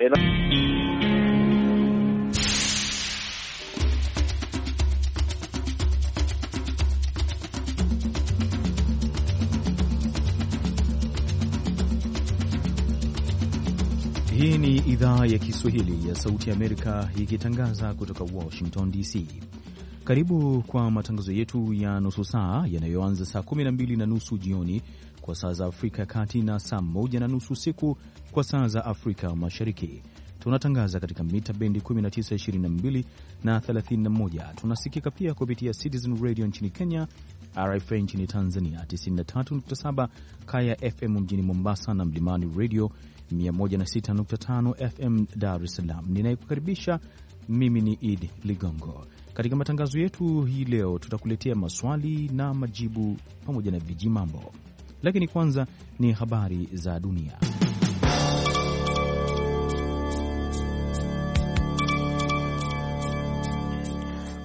Ena... Hii ni idhaa ya Kiswahili ya Sauti ya Amerika ikitangaza kutoka Washington DC. Karibu kwa matangazo yetu ya nusu saa yanayoanza saa 12 na nusu jioni kwa saa za Afrika ya Kati na saa moja na nusu usiku kwa saa za Afrika Mashariki. Tunatangaza katika mita bendi 19, 22 na 31. Tunasikika pia kupitia Citizen Radio nchini Kenya, RFA nchini Tanzania 93.7, Kaya FM mjini Mombasa na Mlimani Radio 106.5 FM Dar es Salaam. Ninayekukaribisha mimi ni Idi Ligongo. Katika matangazo yetu hii leo, tutakuletea maswali na majibu pamoja na vijimambo lakini kwanza ni habari za dunia.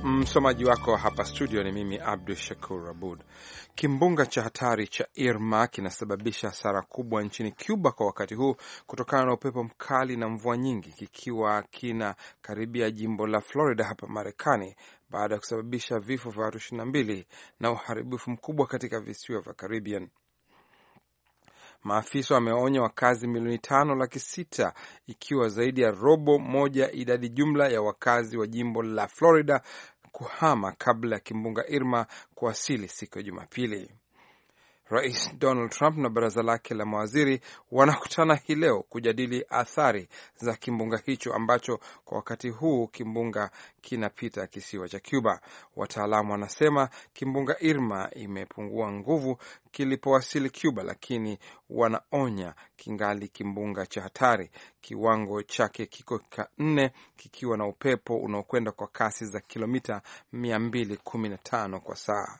Msomaji wako hapa studio ni mimi Abdu Shakur Abud. Kimbunga cha hatari cha Irma kinasababisha hasara kubwa nchini Cuba kwa wakati huu kutokana na upepo mkali na mvua nyingi, kikiwa kina karibia jimbo la Florida hapa Marekani baada ya kusababisha vifo vya watu 22 na uharibifu mkubwa katika visiwa vya Caribbean. Maafisa wameonya wakazi milioni tano laki sita ikiwa zaidi ya robo moja idadi jumla ya wakazi wa jimbo la Florida kuhama kabla ya kimbunga Irma kuwasili siku ya Jumapili. Rais Donald Trump na baraza lake la mawaziri wanakutana hii leo kujadili athari za kimbunga hicho ambacho kwa wakati huu kimbunga kinapita kisiwa cha Cuba. Wataalamu wanasema kimbunga Irma imepungua nguvu kilipowasili Cuba, lakini wanaonya kingali kimbunga cha hatari. Kiwango chake kiko ka nne kikiwa na upepo unaokwenda kwa kasi za kilomita 215 kwa saa.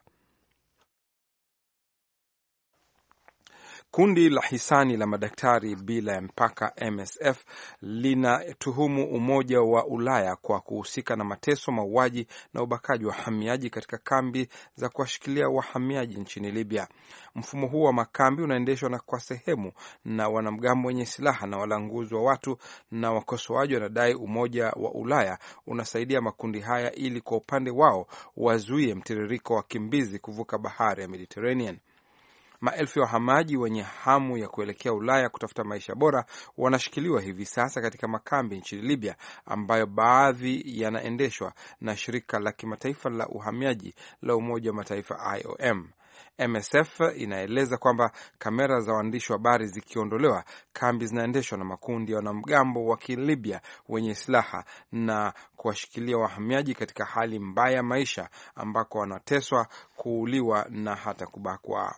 Kundi la hisani la madaktari bila ya mpaka MSF linatuhumu Umoja wa Ulaya kwa kuhusika na mateso, mauaji na ubakaji wa wahamiaji katika kambi za kuwashikilia wahamiaji nchini Libya. Mfumo huu wa makambi unaendeshwa na kwa sehemu na wanamgambo wenye silaha na walanguzi wa watu, na wakosoaji wanadai Umoja wa Ulaya unasaidia makundi haya ili kwa upande wao wazuie mtiririko wa wakimbizi kuvuka bahari ya Mediterranean. Maelfu ya wahamaji wenye hamu ya kuelekea Ulaya kutafuta maisha bora wanashikiliwa hivi sasa katika makambi nchini Libya ambayo baadhi yanaendeshwa na shirika la kimataifa la uhamiaji la Umoja wa Mataifa IOM. MSF inaeleza kwamba kamera za waandishi wa habari zikiondolewa, kambi zinaendeshwa na makundi ya wanamgambo wa Kilibya wenye silaha na kuwashikilia wahamiaji katika hali mbaya ya maisha, ambako wanateswa, kuuliwa na hata kubakwa.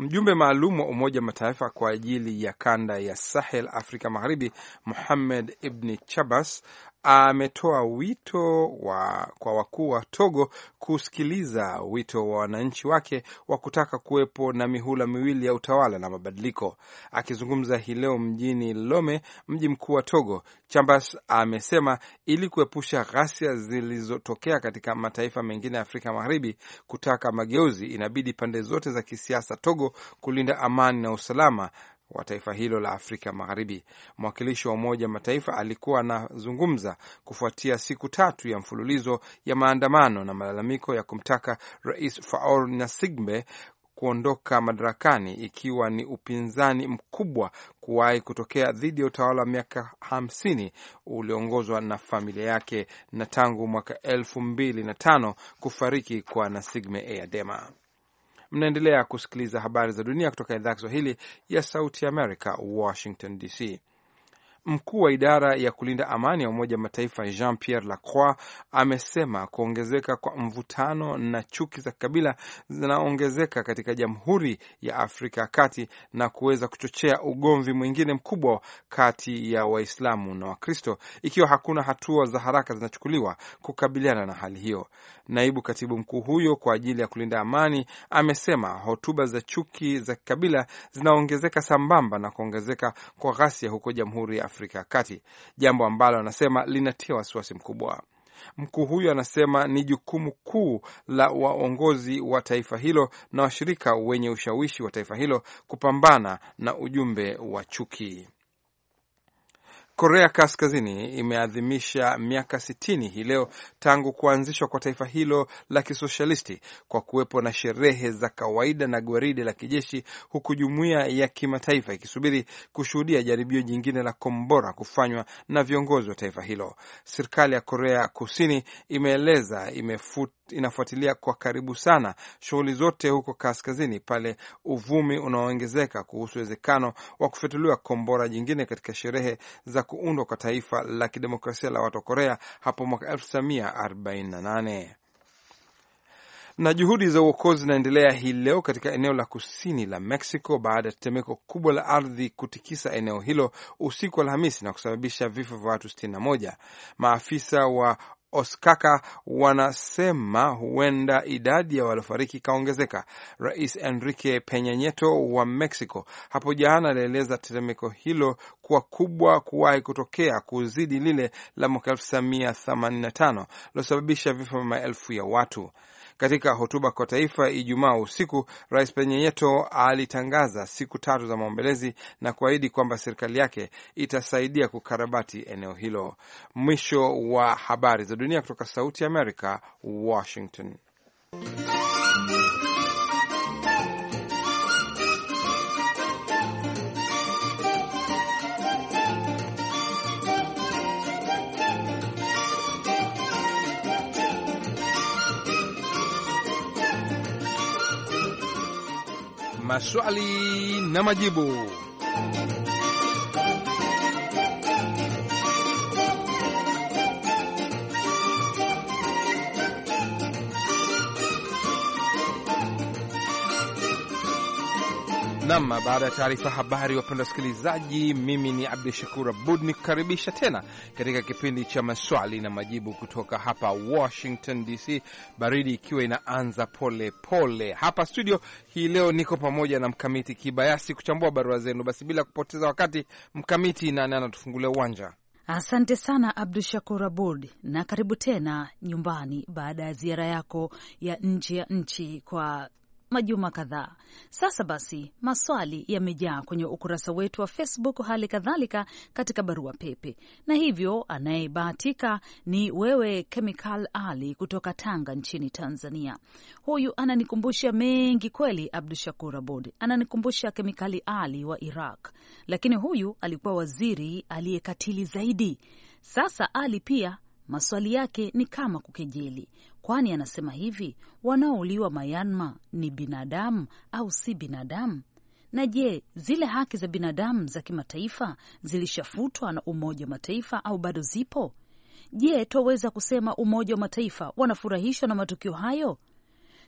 Mjumbe maalum wa Umoja Mataifa kwa ajili ya kanda ya Sahel Afrika Magharibi, Muhamed Ibni Chabas ametoa wito wa, kwa wakuu wa Togo kusikiliza wito wa wananchi wake wa kutaka kuwepo na mihula miwili ya utawala na mabadiliko. Akizungumza hii leo mjini Lome, mji mkuu wa Togo, chambers amesema ili kuepusha ghasia zilizotokea katika mataifa mengine ya Afrika Magharibi kutaka mageuzi, inabidi pande zote za kisiasa Togo kulinda amani na usalama wa taifa hilo la Afrika Magharibi. Mwakilishi wa Umoja wa Mataifa alikuwa anazungumza kufuatia siku tatu ya mfululizo ya maandamano na malalamiko ya kumtaka Rais Faure Gnassingbe kuondoka madarakani ikiwa ni upinzani mkubwa kuwahi kutokea dhidi ya utawala wa miaka hamsini ulioongozwa na familia yake na tangu mwaka elfu mbili na tano kufariki kwa Nasigme Eyadema. Mnaendelea kusikiliza habari za dunia kutoka idhaa ya Kiswahili ya Sauti Amerika, Washington DC. Mkuu wa idara ya kulinda amani ya Umoja wa Mataifa Jean Pierre Lacroix amesema kuongezeka kwa mvutano na chuki za kikabila zinaongezeka katika Jamhuri ya Afrika ya Kati na kuweza kuchochea ugomvi mwingine mkubwa kati ya Waislamu na Wakristo ikiwa hakuna hatua za haraka zinachukuliwa kukabiliana na hali hiyo. Naibu katibu mkuu huyo kwa ajili ya kulinda amani amesema hotuba za chuki za kikabila zinaongezeka sambamba na kuongezeka kwa ghasia huko Jamhuri ya Afrika ya Kati, jambo ambalo anasema linatia wasiwasi mkubwa. Mkuu huyu anasema ni jukumu kuu la waongozi wa taifa hilo na washirika wenye ushawishi wa taifa hilo kupambana na ujumbe wa chuki. Korea Kaskazini imeadhimisha miaka sitini hii leo tangu kuanzishwa kwa taifa hilo la kisoshalisti kwa kuwepo na sherehe za kawaida na gwaride la kijeshi, huku jumuiya ya kimataifa ikisubiri kushuhudia jaribio jingine la kombora kufanywa na viongozi wa taifa hilo. Serikali ya Korea Kusini imeeleza imefut, inafuatilia kwa karibu sana shughuli zote huko kaskazini pale uvumi unaoongezeka kuhusu uwezekano wa kufyatuliwa kombora jingine katika sherehe za kuundwa kwa taifa la kidemokrasia la watu wa Korea hapo mwaka 1948 na juhudi za uokozi zinaendelea hii leo katika eneo la kusini la Mexico baada ya tetemeko kubwa la ardhi kutikisa eneo hilo usiku wa Alhamisi na kusababisha vifo vya watu 61. Maafisa wa Oskaka wanasema huenda idadi ya waliofariki ikaongezeka. Rais Enrique penyanyeto Nieto wa Mexico hapo jana alieleza tetemeko hilo kuwa kubwa kuwahi kutokea, kuzidi lile la mwaka 1985 lilosababisha vifo vya maelfu ya watu. Katika hotuba kwa taifa Ijumaa usiku, Rais Penyenyeto alitangaza siku tatu za maombelezi na kuahidi kwamba serikali yake itasaidia kukarabati eneo hilo. Mwisho wa habari za dunia kutoka Sauti ya Amerika, Washington. maswali na majibu. Nam, baada ya taarifa habari, wapenda wasikilizaji, mimi ni Abdu Shakur Abud ni kukaribisha tena katika kipindi cha maswali na majibu kutoka hapa Washington DC, baridi ikiwa inaanza pole pole hapa studio. Hii leo niko pamoja na Mkamiti Kibayasi kuchambua barua zenu. Basi bila kupoteza wakati, Mkamiti nane anatufungulia uwanja. Asante sana Abdu Shakur Abud, na karibu tena nyumbani baada ya ziara yako ya nje ya nchi kwa majuma kadhaa sasa. Basi maswali yamejaa kwenye ukurasa wetu wa Facebook, hali kadhalika katika barua pepe, na hivyo anayebahatika ni wewe Chemical Ali kutoka Tanga nchini Tanzania. Huyu ananikumbusha mengi kweli. Abdu Shakur Abud ananikumbusha Kemikali Ali wa Iraq, lakini huyu alikuwa waziri aliyekatili zaidi. Sasa Ali pia Maswali yake ni kama kukejeli, kwani anasema hivi: wanaouliwa Myanmar ni binadamu au si binadamu? Na je, zile haki za binadamu za kimataifa zilishafutwa na Umoja wa Mataifa au bado zipo? Je, twaweza kusema Umoja wa Mataifa wanafurahishwa na matukio hayo?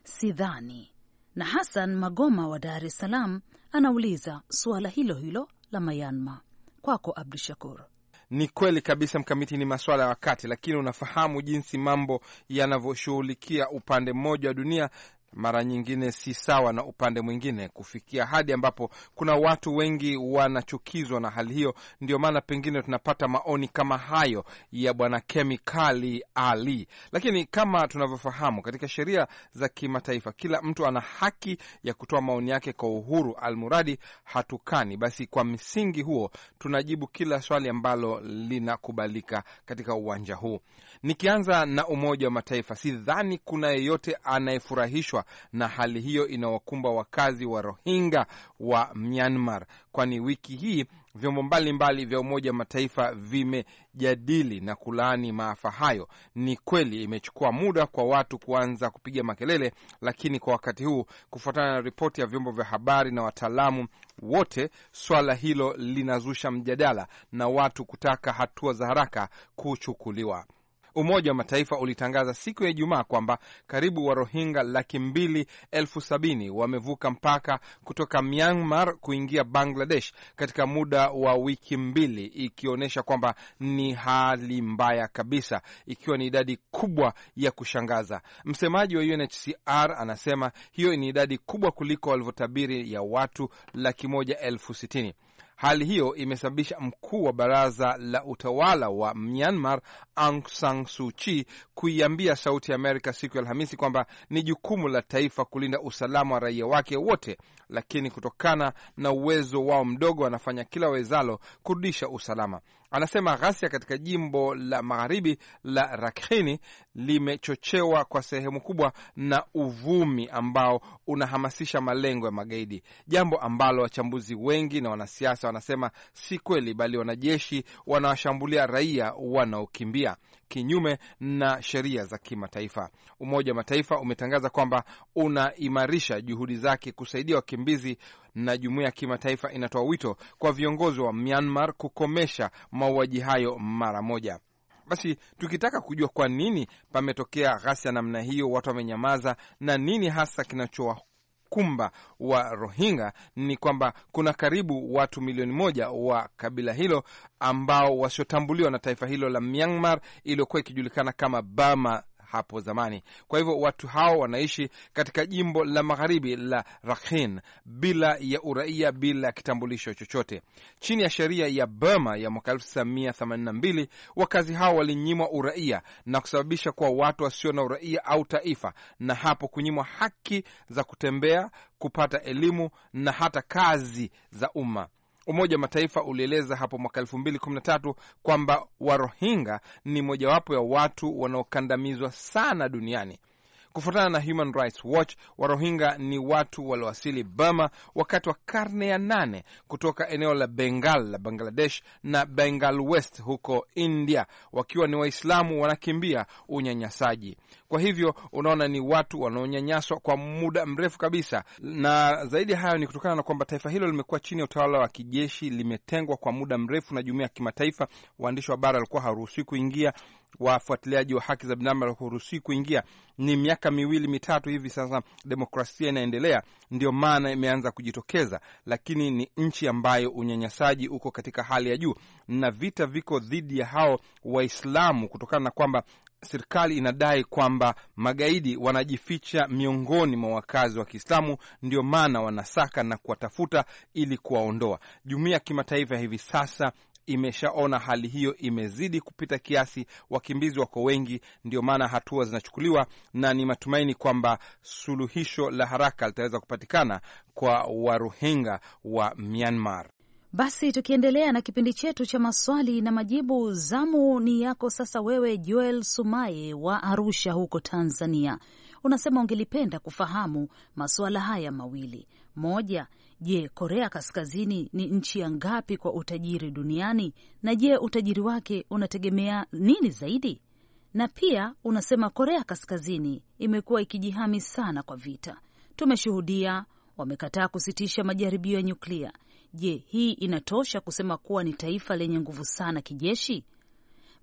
Sidhani. Na Hassan Magoma wa Dar es Salaam anauliza suala hilo hilo la Myanmar. Kwako Abdu Shakur. Ni kweli kabisa Mkamiti, ni maswala ya wakati, lakini unafahamu jinsi mambo yanavyoshughulikia upande mmoja wa dunia mara nyingine si sawa na upande mwingine, kufikia hadi ambapo kuna watu wengi wanachukizwa na hali hiyo. Ndio maana pengine tunapata maoni kama hayo ya bwana Kemikali Ali. Lakini kama tunavyofahamu, katika sheria za kimataifa kila mtu ana haki ya kutoa maoni yake kwa uhuru, almuradi hatukani. Basi kwa msingi huo tunajibu kila swali ambalo linakubalika katika uwanja huu. Nikianza na Umoja wa Mataifa, sidhani kuna yeyote anayefurahishwa na hali hiyo inawakumba wakazi wa Rohingya wa Myanmar, kwani wiki hii vyombo mbalimbali vya Umoja wa Mataifa vimejadili na kulaani maafa hayo. Ni kweli imechukua muda kwa watu kuanza kupiga makelele, lakini kwa wakati huu, kufuatana na ripoti ya vyombo vya habari na wataalamu wote, swala hilo linazusha mjadala na watu kutaka hatua za haraka kuchukuliwa. Umoja wa Mataifa ulitangaza siku ya Ijumaa kwamba karibu wa Rohingya laki mbili elfu sabini wamevuka mpaka kutoka Myanmar kuingia Bangladesh katika muda wa wiki mbili, ikionyesha kwamba ni hali mbaya kabisa, ikiwa ni idadi kubwa ya kushangaza. Msemaji wa UNHCR anasema hiyo ni idadi kubwa kuliko walivyotabiri ya watu laki moja elfu sitini. Hali hiyo imesababisha mkuu wa baraza la utawala wa Myanmar Aung San Suu Kyi kuiambia Sauti ya Amerika siku ya Alhamisi kwamba ni jukumu la taifa kulinda usalama wa raia wake wote, lakini kutokana na uwezo wao mdogo wanafanya kila wezalo kurudisha usalama. Anasema ghasia katika jimbo la magharibi la Rakhine limechochewa kwa sehemu kubwa na uvumi ambao unahamasisha malengo ya magaidi, jambo ambalo wachambuzi wengi na wanasiasa wanasema si kweli, bali wanajeshi wanawashambulia raia wanaokimbia kinyume na sheria za kimataifa. Umoja wa Mataifa umetangaza kwamba unaimarisha juhudi zake kusaidia wakimbizi na jumuiya ya kimataifa inatoa wito kwa viongozi wa Myanmar kukomesha mauaji hayo mara moja. Basi tukitaka kujua kwa nini pametokea ghasia namna hiyo, watu wamenyamaza na nini hasa kinachowa wakumba wa Rohingya ni kwamba kuna karibu watu milioni moja wa kabila hilo ambao wasiotambuliwa na taifa hilo la Myanmar iliyokuwa ikijulikana kama Burma hapo zamani. Kwa hivyo watu hao wanaishi katika jimbo la magharibi la Rakhine bila ya uraia, bila ya kitambulisho chochote. Chini ya sheria ya Burma ya mwaka 1982 wakazi hao walinyimwa uraia na kusababisha kuwa watu wasio na uraia au taifa, na hapo kunyimwa haki za kutembea, kupata elimu na hata kazi za umma. Umoja wa Mataifa ulieleza hapo mwaka tatu kwamba warohinga ni mojawapo ya watu wanaokandamizwa sana duniani. Kufuatana na Human Rights Watch, Warohinga ni watu waliowasili Burma wakati wa karne ya nane kutoka eneo la Bengal la Bangladesh na Bengal West huko India, wakiwa ni Waislamu wanakimbia unyanyasaji. Kwa hivyo unaona ni watu wanaonyanyaswa kwa muda mrefu kabisa, na zaidi hayo ni kutokana na kwamba taifa hilo limekuwa chini ya utawala wa kijeshi, limetengwa kwa muda mrefu na jumuiya ya kimataifa. Waandishi wa habari walikuwa hawaruhusiwi kuingia, wafuatiliaji wa haki za binadamu walikuruhusiwi kuingia. Ni miaka miwili mitatu hivi sasa, demokrasia inaendelea, ndio maana imeanza kujitokeza, lakini ni nchi ambayo unyanyasaji uko katika hali ya juu, na vita viko dhidi ya hao Waislamu kutokana na kwamba serikali inadai kwamba magaidi wanajificha miongoni mwa wakazi wa Kiislamu, ndio maana wanasaka na kuwatafuta ili kuwaondoa. Jumuiya ya kimataifa hivi sasa imeshaona hali hiyo imezidi kupita kiasi, wakimbizi wako wengi, ndio maana hatua zinachukuliwa, na ni matumaini kwamba suluhisho la haraka litaweza kupatikana kwa Warohinga wa Myanmar. Basi tukiendelea na kipindi chetu cha maswali na majibu, zamu ni yako sasa. Wewe Joel Sumai wa Arusha huko Tanzania, unasema ungelipenda kufahamu masuala haya mawili. Moja, je, Korea Kaskazini ni nchi ya ngapi kwa utajiri duniani? Na je, utajiri wake unategemea nini zaidi? Na pia unasema Korea Kaskazini imekuwa ikijihami sana kwa vita, tumeshuhudia wamekataa kusitisha majaribio ya nyuklia Je, hii inatosha kusema kuwa ni taifa lenye nguvu sana kijeshi?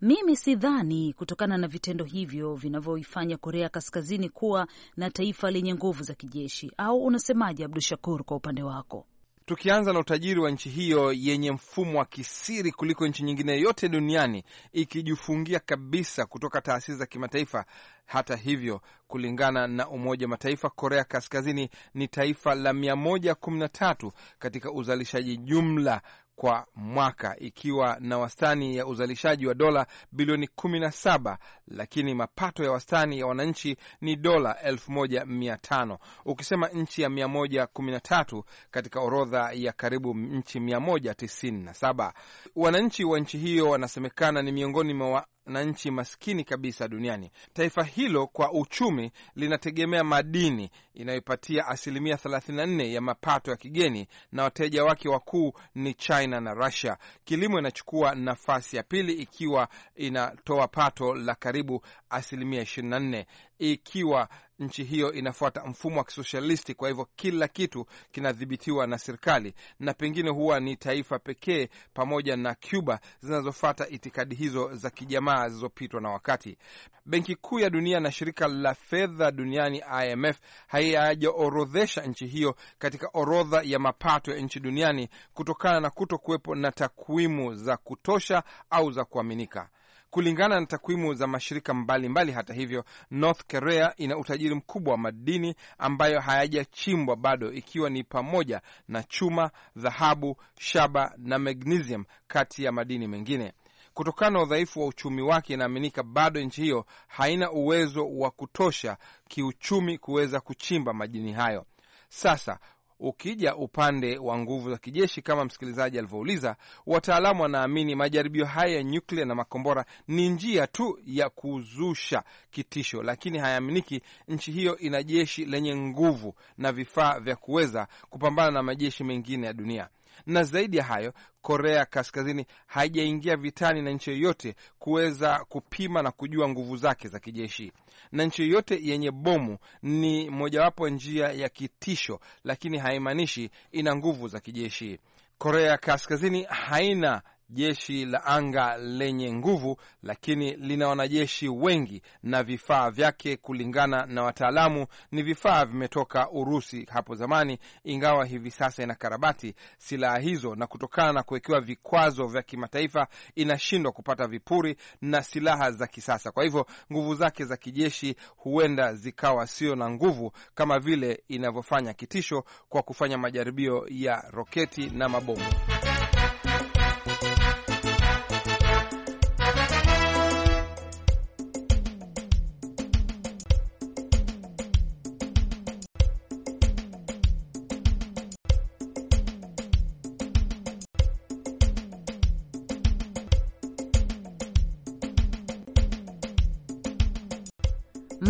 Mimi sidhani, kutokana na vitendo hivyo vinavyoifanya Korea Kaskazini kuwa na taifa lenye nguvu za kijeshi. Au unasemaje, Abdu Shakur, kwa upande wako? tukianza na utajiri wa nchi hiyo yenye mfumo wa kisiri kuliko nchi nyingine yote duniani, ikijifungia kabisa kutoka taasisi za kimataifa. Hata hivyo, kulingana na Umoja wa Mataifa, Korea Kaskazini ni taifa la 113 katika uzalishaji jumla kwa mwaka ikiwa na wastani ya uzalishaji wa dola bilioni 17, lakini mapato ya wastani ya wananchi ni dola 1500. Ukisema nchi ya 113 katika orodha ya karibu nchi 197, wananchi wa nchi hiyo wanasemekana ni miongoni mwa na nchi maskini kabisa duniani. Taifa hilo kwa uchumi linategemea madini inayoipatia asilimia 34 ya mapato ya kigeni, na wateja wake wakuu ni China na Russia. Kilimo inachukua nafasi ya pili ikiwa inatoa pato la karibu asilimia 24, ikiwa nchi hiyo inafuata mfumo wa kisoshalisti, kwa hivyo kila kitu kinadhibitiwa na serikali, na pengine huwa ni taifa pekee pamoja na Cuba zinazofuata itikadi hizo za kijamaa zilizopitwa na wakati. Benki Kuu ya Dunia na shirika la fedha duniani IMF hayajaorodhesha nchi hiyo katika orodha ya mapato ya nchi duniani kutokana na kuto kuwepo na takwimu za kutosha au za kuaminika kulingana na takwimu za mashirika mbalimbali mbali. Hata hivyo, North Korea ina utajiri mkubwa wa madini ambayo hayajachimbwa bado, ikiwa ni pamoja na chuma, dhahabu, shaba na magnesium kati ya madini mengine. Kutokana na udhaifu wa uchumi wake, inaaminika bado nchi hiyo haina uwezo wa kutosha kiuchumi kuweza kuchimba madini hayo. Sasa Ukija upande wa nguvu za kijeshi, kama msikilizaji alivyouliza, wataalamu wanaamini majaribio haya ya nyuklia na makombora ni njia tu ya kuzusha kitisho, lakini hayaaminiki nchi hiyo ina jeshi lenye nguvu na vifaa vya kuweza kupambana na majeshi mengine ya dunia na zaidi ya hayo, Korea Kaskazini haijaingia vitani na nchi yoyote kuweza kupima na kujua nguvu zake za kijeshi, na nchi yoyote yenye bomu ni mojawapo njia ya kitisho, lakini haimaanishi ina nguvu za kijeshi. Korea Kaskazini haina jeshi la anga lenye nguvu, lakini lina wanajeshi wengi na vifaa vyake, kulingana na wataalamu, ni vifaa vimetoka Urusi hapo zamani, ingawa hivi sasa inakarabati silaha hizo, na kutokana na kuwekewa vikwazo vya kimataifa inashindwa kupata vipuri na silaha za kisasa. Kwa hivyo nguvu zake za kijeshi huenda zikawa sio na nguvu kama vile inavyofanya kitisho kwa kufanya majaribio ya roketi na mabomu.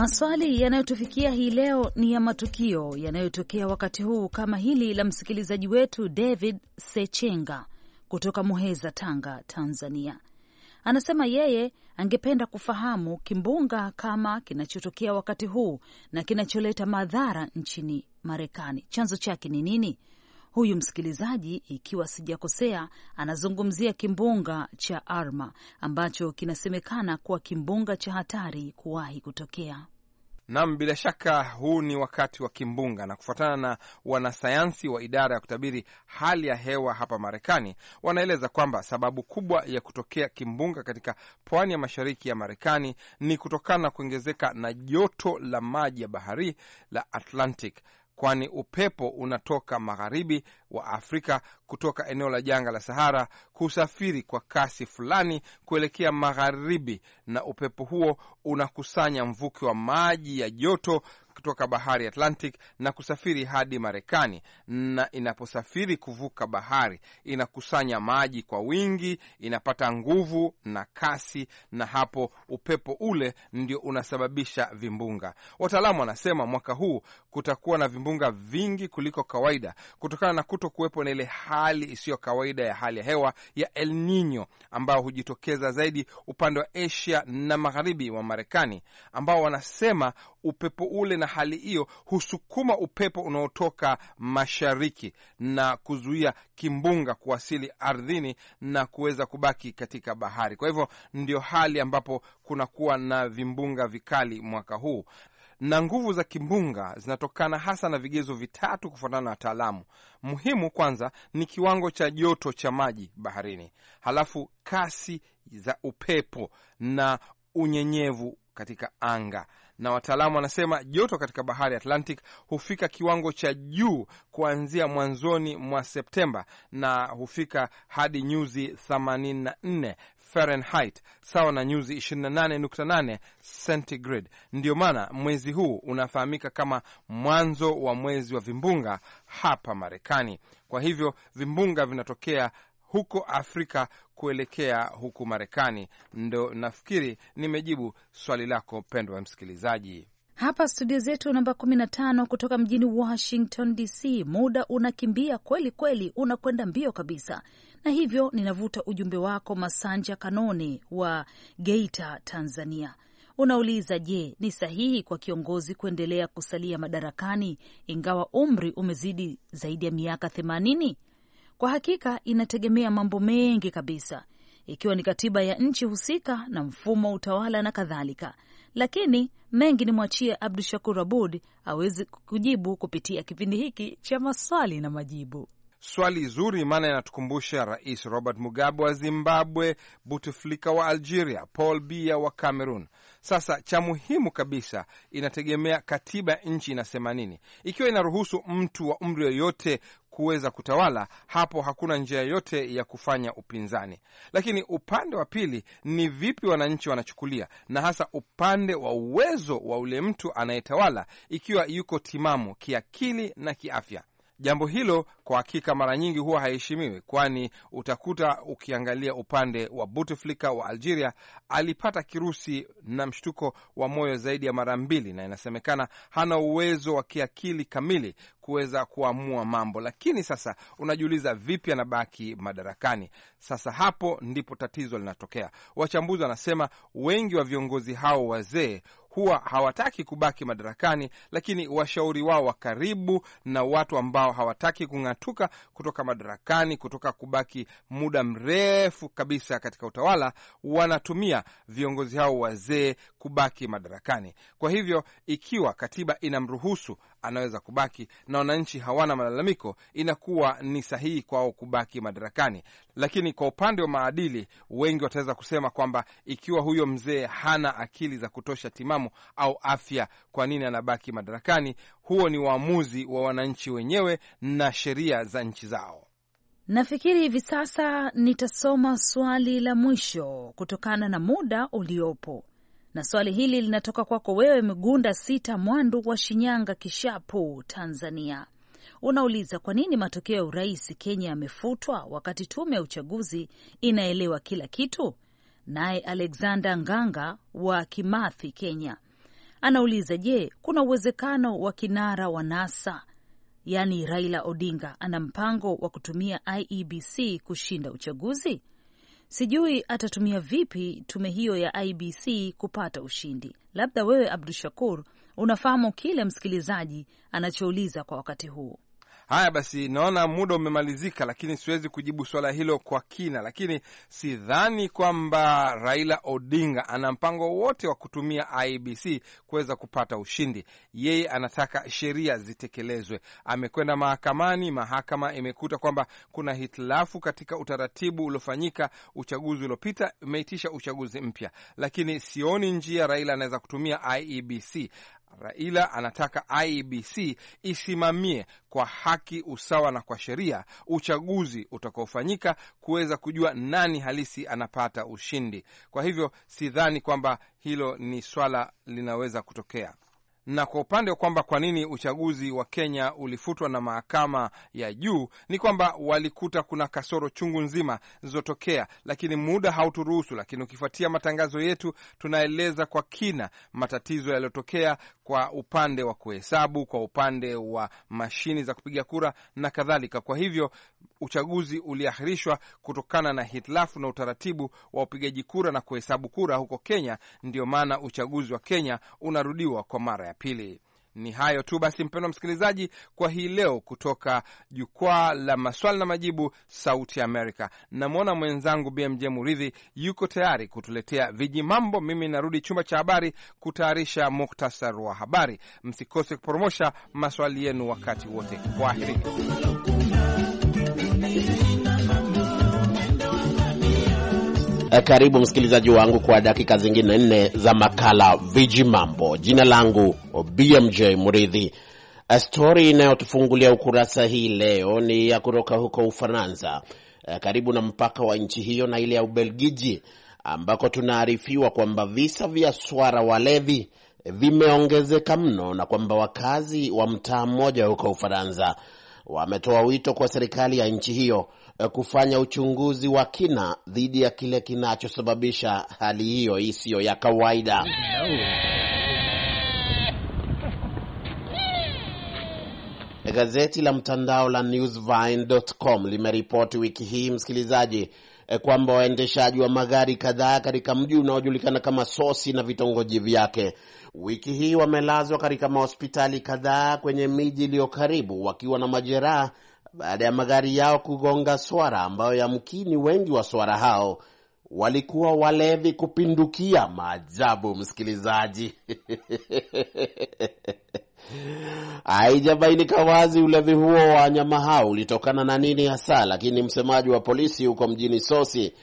Maswali yanayotufikia hii leo ni ya matukio yanayotokea wakati huu kama hili la msikilizaji wetu David Sechenga kutoka Muheza, Tanga, Tanzania. Anasema yeye angependa kufahamu kimbunga kama kinachotokea wakati huu na kinacholeta madhara nchini Marekani, chanzo chake ni nini? Huyu msikilizaji, ikiwa sijakosea, anazungumzia kimbunga cha Arma ambacho kinasemekana kuwa kimbunga cha hatari kuwahi kutokea. Nam, bila shaka huu ni wakati wa kimbunga, na kufuatana na wanasayansi wa idara ya kutabiri hali ya hewa hapa Marekani, wanaeleza kwamba sababu kubwa ya kutokea kimbunga katika pwani ya mashariki ya Marekani ni kutokana na kuongezeka na joto la maji ya bahari la Atlantic kwani upepo unatoka magharibi wa Afrika kutoka eneo la jangwa la Sahara husafiri kwa kasi fulani kuelekea magharibi, na upepo huo unakusanya mvuke wa maji ya joto kutoka bahari Atlantic na kusafiri hadi Marekani, na inaposafiri kuvuka bahari inakusanya maji kwa wingi, inapata nguvu na kasi, na hapo upepo ule ndio unasababisha vimbunga. Wataalamu wanasema mwaka huu kutakuwa na vimbunga vingi kuliko kawaida kutokana na kuto kuwepo na ile hali isiyo kawaida ya hali ya hewa ya El Nino ambayo hujitokeza zaidi upande wa Asia na magharibi wa Marekani, ambao wanasema upepo ule na hali hiyo husukuma upepo unaotoka mashariki na kuzuia kimbunga kuwasili ardhini na kuweza kubaki katika bahari. Kwa hivyo ndio hali ambapo kunakuwa na vimbunga vikali mwaka huu na nguvu za kimbunga zinatokana hasa na vigezo vitatu kufuatana na wataalamu. Muhimu kwanza ni kiwango cha joto cha maji baharini, halafu kasi za upepo na unyenyevu katika anga na wataalamu wanasema joto katika bahari Atlantic hufika kiwango cha juu kuanzia mwanzoni mwa Septemba na hufika hadi nyuzi 84 Fahrenheit, sawa na nyuzi 28.8 centigrade. Ndiyo maana mwezi huu unafahamika kama mwanzo wa mwezi wa vimbunga hapa Marekani. Kwa hivyo vimbunga vinatokea huko Afrika kuelekea huku Marekani. Ndo nafikiri nimejibu swali lako pendwa msikilizaji. Hapa studio zetu namba 15 kutoka mjini Washington DC, muda unakimbia kweli kweli, unakwenda mbio kabisa, na hivyo ninavuta ujumbe wako Masanja Kanone wa Geita, Tanzania. Unauliza, je, ni sahihi kwa kiongozi kuendelea kusalia madarakani ingawa umri umezidi zaidi ya miaka themanini? Kwa hakika inategemea mambo mengi kabisa, ikiwa ni katiba ya nchi husika na mfumo wa utawala na kadhalika, lakini mengi ni mwachie Abdu Shakur Abud awezi kujibu kupitia kipindi hiki cha maswali na majibu. Swali zuri, maana inatukumbusha Rais Robert Mugabe wa Zimbabwe, Buteflika wa Algeria, Paul Biya wa Cameroon. Sasa cha muhimu kabisa, inategemea katiba ya nchi inasema nini. Ikiwa inaruhusu mtu wa umri yoyote kuweza kutawala, hapo hakuna njia yoyote ya kufanya upinzani. Lakini upande wa pili ni vipi wananchi wanachukulia, na hasa upande wa uwezo wa ule mtu anayetawala, ikiwa yuko timamu kiakili na kiafya. Jambo hilo kwa hakika mara nyingi huwa haiheshimiwi, kwani utakuta ukiangalia upande wa Bouteflika wa Algeria alipata kirusi na mshtuko wa moyo zaidi ya mara mbili, na inasemekana hana uwezo wa kiakili kamili kuweza kuamua mambo. Lakini sasa unajiuliza vipi anabaki madarakani? Sasa hapo ndipo tatizo linatokea. Wachambuzi wanasema wengi wa viongozi hao wazee huwa hawataki kubaki madarakani, lakini washauri wao wa karibu na watu ambao hawataki kung'atuka kutoka madarakani, kutoka kubaki muda mrefu kabisa katika utawala, wanatumia viongozi hao wazee kubaki madarakani. Kwa hivyo ikiwa katiba inamruhusu anaweza kubaki na wananchi hawana malalamiko, inakuwa ni sahihi kwao kubaki madarakani. Lakini kwa upande wa maadili, wengi wataweza kusema kwamba ikiwa huyo mzee hana akili za kutosha timamu au afya, kwa nini anabaki madarakani? Huo ni uamuzi wa wananchi wenyewe na sheria za nchi zao. Nafikiri hivi sasa nitasoma swali la mwisho kutokana na muda uliopo na swali hili linatoka kwako wewe Mgunda Sita Mwandu wa Shinyanga, Kishapu, Tanzania. Unauliza, kwa nini matokeo ya urais Kenya yamefutwa wakati tume ya uchaguzi inaelewa kila kitu? Naye Alexander Nganga wa Kimathi, Kenya, anauliza, je, kuna uwezekano wa kinara wa NASA yaani Raila Odinga ana mpango wa kutumia IEBC kushinda uchaguzi? Sijui atatumia vipi tume hiyo ya IBC kupata ushindi. Labda wewe Abdu Shakur unafahamu kile msikilizaji anachouliza kwa wakati huu. Haya basi, naona muda umemalizika, lakini siwezi kujibu swala hilo kwa kina, lakini sidhani kwamba Raila Odinga ana mpango wote wa kutumia IBC kuweza kupata ushindi. Yeye anataka sheria zitekelezwe. Amekwenda mahakamani, mahakama imekuta kwamba kuna hitilafu katika utaratibu uliofanyika uchaguzi uliopita, imeitisha uchaguzi mpya, lakini sioni njia Raila anaweza kutumia IEBC. Raila anataka ibc isimamie kwa haki, usawa na kwa sheria uchaguzi utakaofanyika kuweza kujua nani halisi anapata ushindi. Kwa hivyo sidhani kwamba hilo ni swala linaweza kutokea na kwa upande wa kwamba kwa nini uchaguzi wa Kenya ulifutwa na mahakama ya juu ni kwamba walikuta kuna kasoro chungu nzima zilizotokea, lakini muda hauturuhusu. Lakini ukifuatia matangazo yetu, tunaeleza kwa kina matatizo yaliyotokea kwa upande wa kuhesabu, kwa upande wa mashini za kupiga kura na kadhalika. Kwa hivyo uchaguzi uliahirishwa kutokana na hitilafu na utaratibu wa upigaji kura na kuhesabu kura huko Kenya. Ndio maana uchaguzi wa Kenya unarudiwa kwa mara ya pili. Ni hayo tu basi, mpendwa msikilizaji, kwa hii leo kutoka jukwaa la maswali na majibu Sauti ya Amerika. Namwona mwenzangu BMJ Muridhi yuko tayari kutuletea viji mambo. Mimi narudi chumba cha habari kutayarisha muktasar wa habari. Msikose kuporomosha maswali yenu wakati wote. Kwaheri. Eh, karibu msikilizaji wangu kwa dakika zingine nne za makala viji mambo. Jina langu BMJ Muridhi. Eh, Stori inayotufungulia ukurasa hii leo ni ya kutoka huko Ufaransa, eh, karibu na mpaka wa nchi hiyo na ile ya Ubelgiji, ambako tunaarifiwa kwamba visa vya swara walevi vimeongezeka mno na kwamba wakazi wa mtaa mmoja huko Ufaransa wametoa wito kwa serikali ya nchi hiyo Eh, kufanya uchunguzi wa kina dhidi ya kile kinachosababisha hali hiyo isiyo ya kawaida. Eh, gazeti la mtandao la Newsvine.com limeripoti wiki hii, msikilizaji, eh, kwamba waendeshaji wa magari kadhaa katika mji unaojulikana kama Sosi na vitongoji vyake wiki hii wamelazwa katika mahospitali kadhaa kwenye miji iliyo karibu wakiwa na majeraha baada ya magari yao kugonga swara ambayo yamkini wengi wa swara hao walikuwa walevi kupindukia maajabu. Msikilizaji, haijabainika wazi ulevi huo wa wanyama hao ulitokana na nini hasa, lakini msemaji wa polisi huko mjini Sosi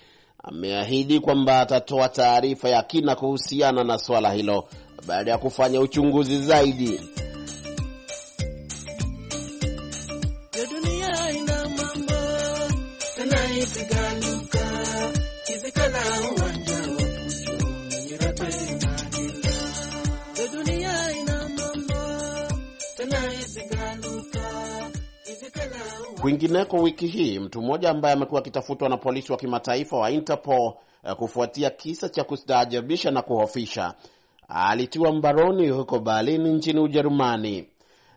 ameahidi kwamba atatoa taarifa ya kina kuhusiana na swala hilo baada ya kufanya uchunguzi zaidi. Kwingineko wiki hii, mtu mmoja ambaye amekuwa akitafutwa na polisi wa kimataifa wa Interpol eh, kufuatia kisa cha kustaajabisha na kuhofisha alitiwa mbaroni huko Berlin nchini Ujerumani.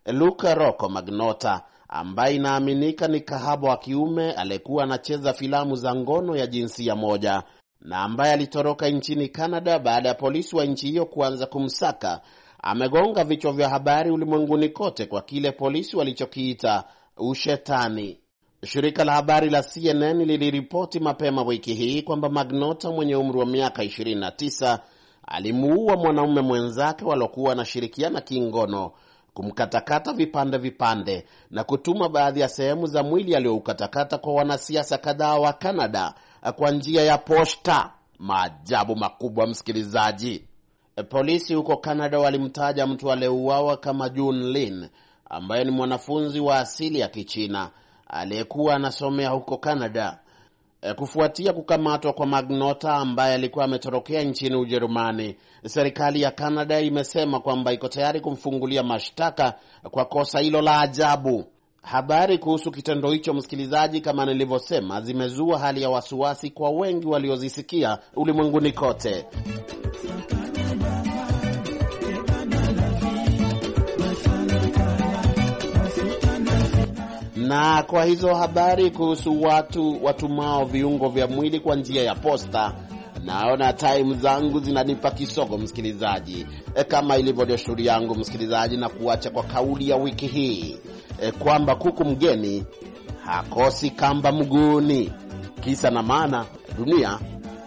Luka Rocco Magnota ambaye inaaminika ni kahaba wa kiume aliyekuwa anacheza filamu za ngono ya jinsia moja na ambaye alitoroka nchini Canada baada ya polisi wa nchi hiyo kuanza kumsaka, amegonga vichwa vya habari ulimwenguni kote kwa kile polisi walichokiita ushetani. Shirika la habari la CNN liliripoti mapema wiki hii kwamba Magnota mwenye umri wa miaka 29 alimuua mwanaume mwenzake waliokuwa wanashirikiana kingono, kumkatakata vipande vipande na kutuma baadhi ya sehemu za mwili aliyoukatakata kwa wanasiasa kadhaa wa canada kwa njia ya posta. Maajabu makubwa, msikilizaji. Polisi huko canada walimtaja mtu aliyeuawa kama June Lin ambaye ni mwanafunzi wa asili ya Kichina aliyekuwa anasomea huko Canada eh, kufuatia kukamatwa kwa Magnota ambaye alikuwa ametorokea nchini Ujerumani. Serikali ya Canada imesema kwamba iko tayari kumfungulia mashtaka kwa kosa hilo la ajabu. Habari kuhusu kitendo hicho, msikilizaji, kama nilivyosema, zimezua hali ya wasiwasi kwa wengi waliozisikia ulimwenguni kote. Na kwa hizo habari kuhusu watu watumao viungo vya mwili kwa njia ya posta, naona taimu zangu zinanipa kisogo msikilizaji. E, kama ilivyo desturi yangu msikilizaji, na kuacha kwa kauli ya wiki hii e, kwamba kuku mgeni hakosi kamba mguuni. Kisa na maana, dunia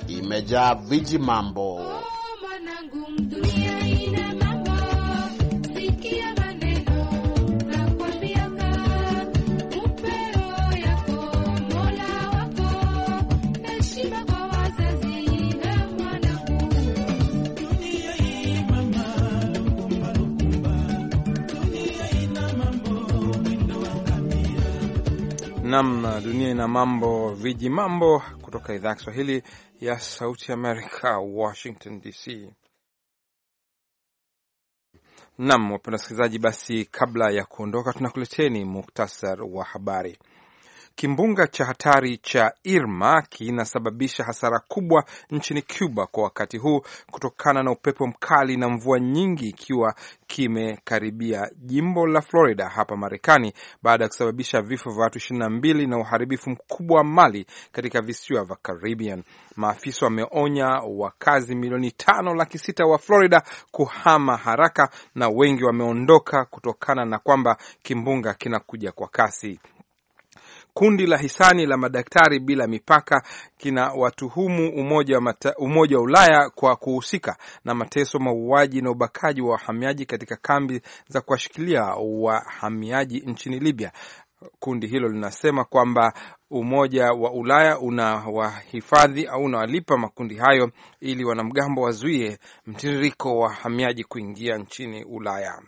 imejaa viji mambo. Oh, Nam dunia ina mambo viji mambo kutoka idhaa ya Kiswahili ya sauti Amerika, Washington DC. Nam wapenda wasikilizaji, basi kabla ya kuondoka, tunakuleteni muktasar wa habari. Kimbunga cha hatari cha Irma kinasababisha hasara kubwa nchini Cuba kwa wakati huu kutokana na upepo mkali na mvua nyingi, ikiwa kimekaribia jimbo la Florida hapa Marekani baada ya kusababisha vifo vya watu ishirini mbili na uharibifu mkubwa wa mali katika visiwa vya Caribbean. Maafisa wameonya wakazi milioni tano laki sita wa Florida kuhama haraka, na wengi wameondoka kutokana na kwamba kimbunga kinakuja kwa kasi. Kundi la hisani la Madaktari Bila Mipaka kina watuhumu Umoja wa mata, Umoja wa Ulaya kwa kuhusika na mateso, mauaji na ubakaji wa wahamiaji katika kambi za kuwashikilia wahamiaji nchini Libya. Kundi hilo linasema kwamba Umoja wa Ulaya unawahifadhi au unawalipa makundi hayo ili wanamgambo wazuie mtiririko wa wahamiaji kuingia nchini Ulaya.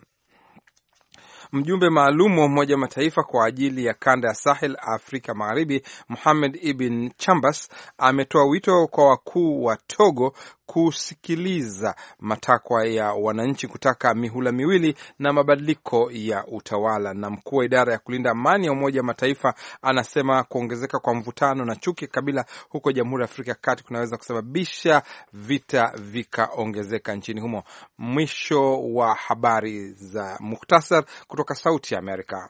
Mjumbe maalum wa Umoja wa Mataifa kwa ajili ya kanda ya Sahel Afrika Magharibi, Muhamed Ibn Chambas ametoa wito kwa wakuu wa Togo kusikiliza matakwa ya wananchi kutaka mihula miwili na mabadiliko ya utawala. Na mkuu wa idara ya kulinda amani ya Umoja wa Mataifa anasema kuongezeka kwa mvutano na chuki kabila huko Jamhuri ya Afrika ya Kati kunaweza kusababisha vita vikaongezeka nchini humo. Mwisho wa habari za muktasar kutoka Sauti ya Amerika.